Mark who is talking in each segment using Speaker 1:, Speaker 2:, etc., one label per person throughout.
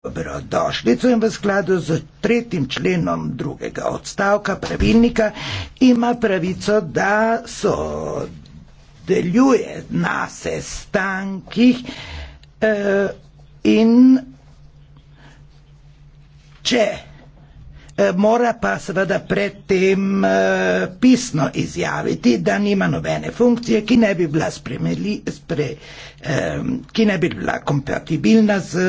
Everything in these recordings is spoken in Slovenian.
Speaker 1: Dobrodošlico in v skladu z tretjim členom drugega odstavka pravilnika ima pravico, da so deluje na sestankih eh, in če Eh, mora pa seveda predtem eh, pisno izjaviti, da nima nobene funkcije, ki ne bi bila, spremeli, spre, ki ne bi bila kompatibilna z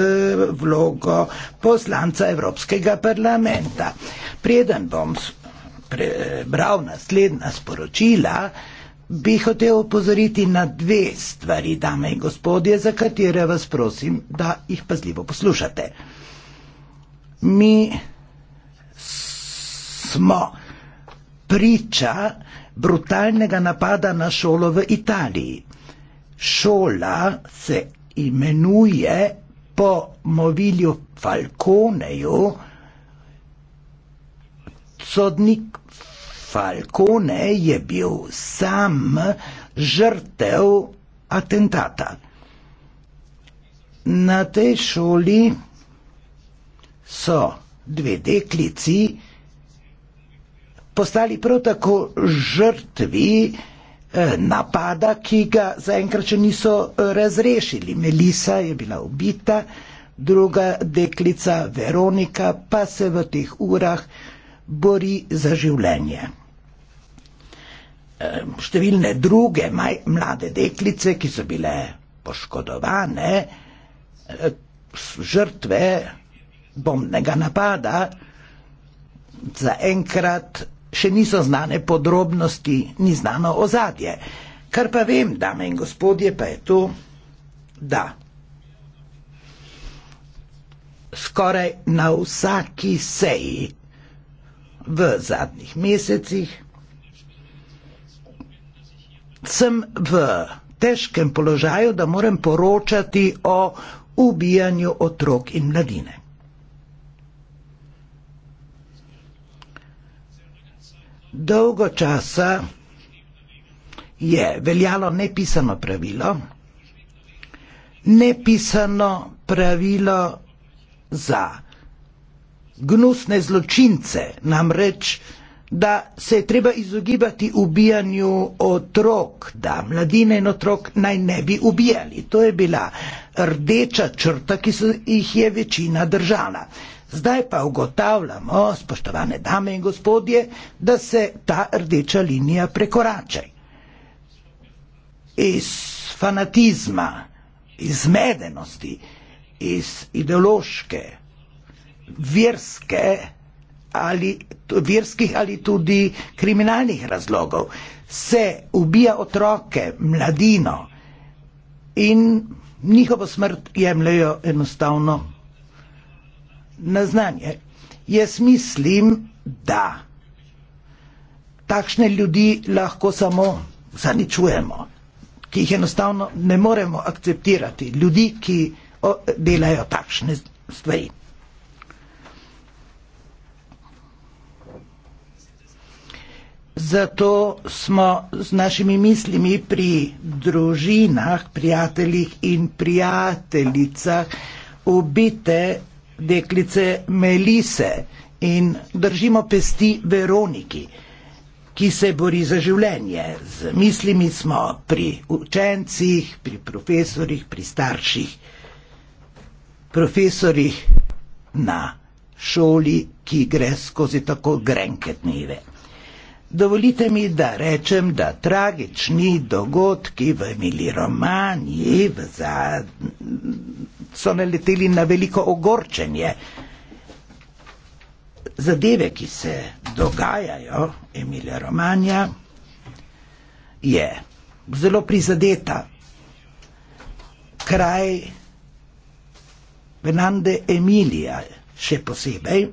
Speaker 1: vlogo poslanca Evropskega parlamenta. Preden bom prebral naslednja sporočila, bi hotel opozoriti na dve stvari, dame in gospodje, za katere vas prosim, da jih pazljivo poslušate. Mi smo priča brutalnega napada na šolo v Italiji. Šola se imenuje po movilju Falconeju, sodnik Falcone je bil sam žrtev atentata. Na tej šoli so dve deklici, postali prav tako žrtvi eh, napada, ki ga zaenkrat še niso eh, razrešili. Melisa je bila ubita, druga deklica Veronika pa se v teh urah bori za življenje. Eh, številne druge maj, mlade deklice, ki so bile poškodovane, žrtve bombnega napada, zaenkrat še niso znane podrobnosti, ni znano ozadje. Kar pa vem, dame in gospodje, pa je to, da skoraj na vsaki seji v zadnjih mesecih sem v težkem položaju, da moram poročati o ubijanju otrok in mladine. Dolgo časa je veljalo nepisano pravilo, nepisano pravilo za gnusne zločince, namreč, da se je treba izogibati ubijanju otrok, da mladine in otrok naj ne bi ubijali. To je bila rdeča črta, ki so jih je večina držala. Zdaj pa ugotavljamo, spoštovane dame in gospodje, da se ta rdeča linija prekorača. Iz fanatizma, iz medenosti, iz ideološke, verske ali verskih ali tudi kriminalnih razlogov se ubija otroke, mladino in njihovo smrt jemljajo enostavno na znanje. Jaz mislim, da takšne ljudi lahko samo zaničujemo, ki jih enostavno ne moremo akceptirati, ljudi, ki delajo takšne stvari. Zato smo z našimi mislimi pri družinah, prijateljih in prijateljicah ubite deklice Melise in držimo pesti Veroniki, ki se bori za življenje. Z mislimi smo pri učencih, pri profesorjih, pri starših, profesorjih na šoli, ki gre skozi tako grenke dneve. Dovolite mi, da rečem, da tragični dogodki v Emili Romani v zad... so naleteli na veliko ogorčenje. Zadeve, ki se dogajajo Emilija Romanja, je zelo prizadeta. Kraj Venande Emilija še posebej,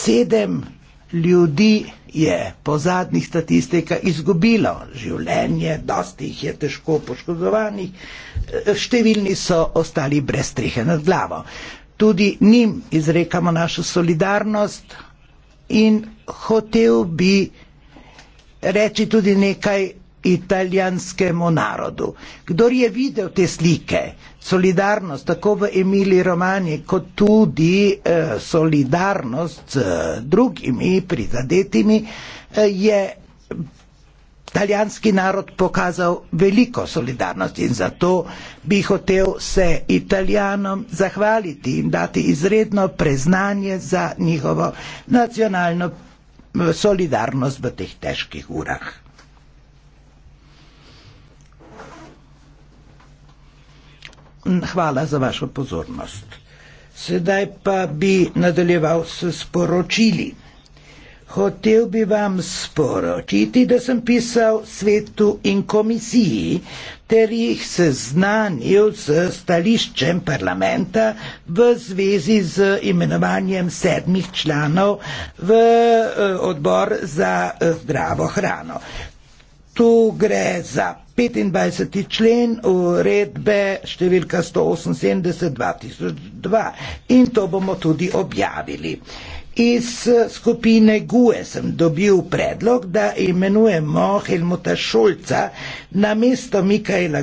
Speaker 1: sedem ljudi je po zadnjih statistikah izgubilo življenje, dosti jih je težko poškodovanih, eh, številni so ostali brez strehe nad glavo. Tudi njim izrekamo našo solidarnost in hotel bi reči tudi nekaj italijanskemu narodu. Kdor je videl te slike, solidarnost tako v Emiliji Romani, kot tudi eh, solidarnost z drugimi prizadetimi, eh, je italijanski narod pokazal veliko solidarnosti in zato bi hotel se italijanom zahvaliti in dati izredno preznanje za njihovo nacionalno eh, solidarnost v teh težkih urah. hvala za vašo pozornost. Sedaj pa bi nadaljeval s sporočili. Hotel bi vam sporočiti, da sem pisal svetu in komisiji ter jih seznanil s stališčem parlamenta v zvezi z imenovanjem sedmih članov v eh, odbor za eh, zdravo hrano. Tu gre za 25. člen uredbe številka 178-2002 in to bomo tudi objavili. Iz skupine GUE sem dobil predlog, da imenujemo Helmuta Šulca na mesto Mikaela.